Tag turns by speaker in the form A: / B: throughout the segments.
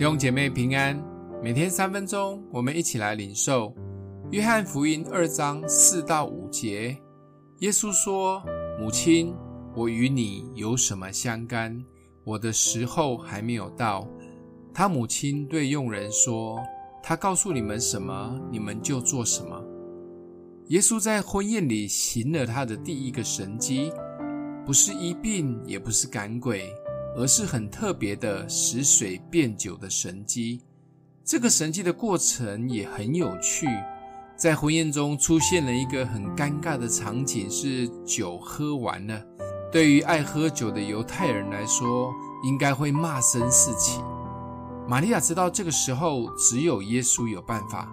A: 弟兄姐妹平安，每天三分鐘，我們一起來領受《約翰福音》二章四到五節。耶穌說：“母親，我與你有什麼相干？我的時候還沒有到。”他母親對用人說：“他告訴你們什麼，你們就做什麼。”耶穌在婚宴裡行了他的第一個神蹟，不是醫病，也不是趕鬼。而是很特別的使水變酒的神蹟，這個神蹟的過程也很有趣，在婚宴中出現了一個很尷尬的場景，是酒喝完了。對於愛喝酒的猶太人來說，應該會罵聲四起。瑪利亞知道這個時候只有耶穌有辦法，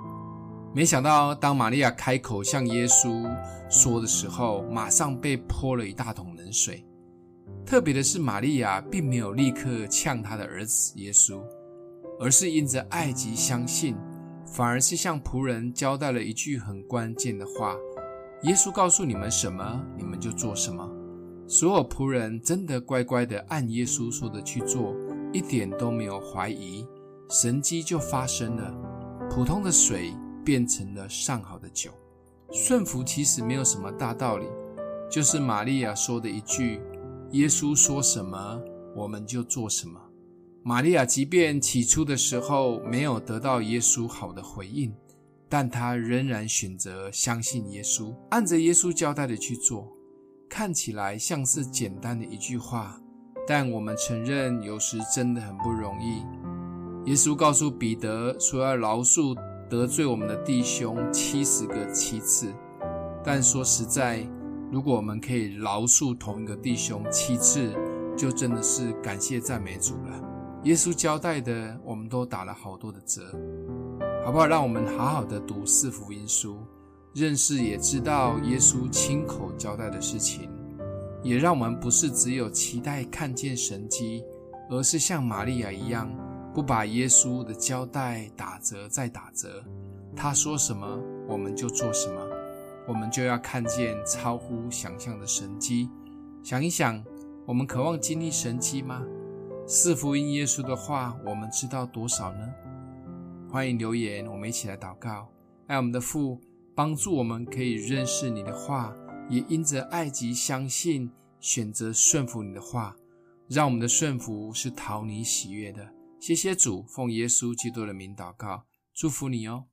A: 沒想到當瑪利亞開口向耶穌說的時候，馬上被潑了一大桶冷水。特別的是，瑪利亞並沒有立刻嗆她的兒子耶穌，而是因着愛及相信，反而是向僕人交代了一句很關鍵的話：“耶穌告訴你們什麼，你們就做什麼。”所有僕人真的乖乖地按耶穌說的去做，一點都沒有懷疑，神蹟就發生了。普通的水變成了上好的酒。順服其實沒有什麼大道理，就是瑪利亞說的一句。耶穌說什麼，我們就做什麼。瑪利亞即便起初的時候沒有得到耶穌好的回應，但她仍然選擇相信耶穌，按着耶穌交代的去做。看起來像是簡單的一句話，但我們承認有時真的很不容易。耶穌告訴彼得說要饒恕得罪我們的弟兄七十個七次，但說實在，如果我們可以饒恕同一個弟兄七次，就真的是感謝讚美主了。耶穌交代的，我們都打了好多的折，好不好？讓我們好好的讀四福音書，認識也知道耶穌親口交代的事情，也讓我們不是只有期待看見神蹟，而是像瑪利亞一樣，不把耶穌的交代打折再打折，他說什麼，我們就做什麼。我們就要看見超乎想象的神蹟。想一想，我們渴望經歷神蹟嗎？四福音耶穌的話，我們知道多少呢？歡迎留言，我們一起來禱告。愛我們的父，幫助我們可以認識你的話，也因着愛及相信，選擇順服你的話。讓我們的順服是討你喜悅的。謝謝主，奉耶穌基督的名禱告，祝福你哦。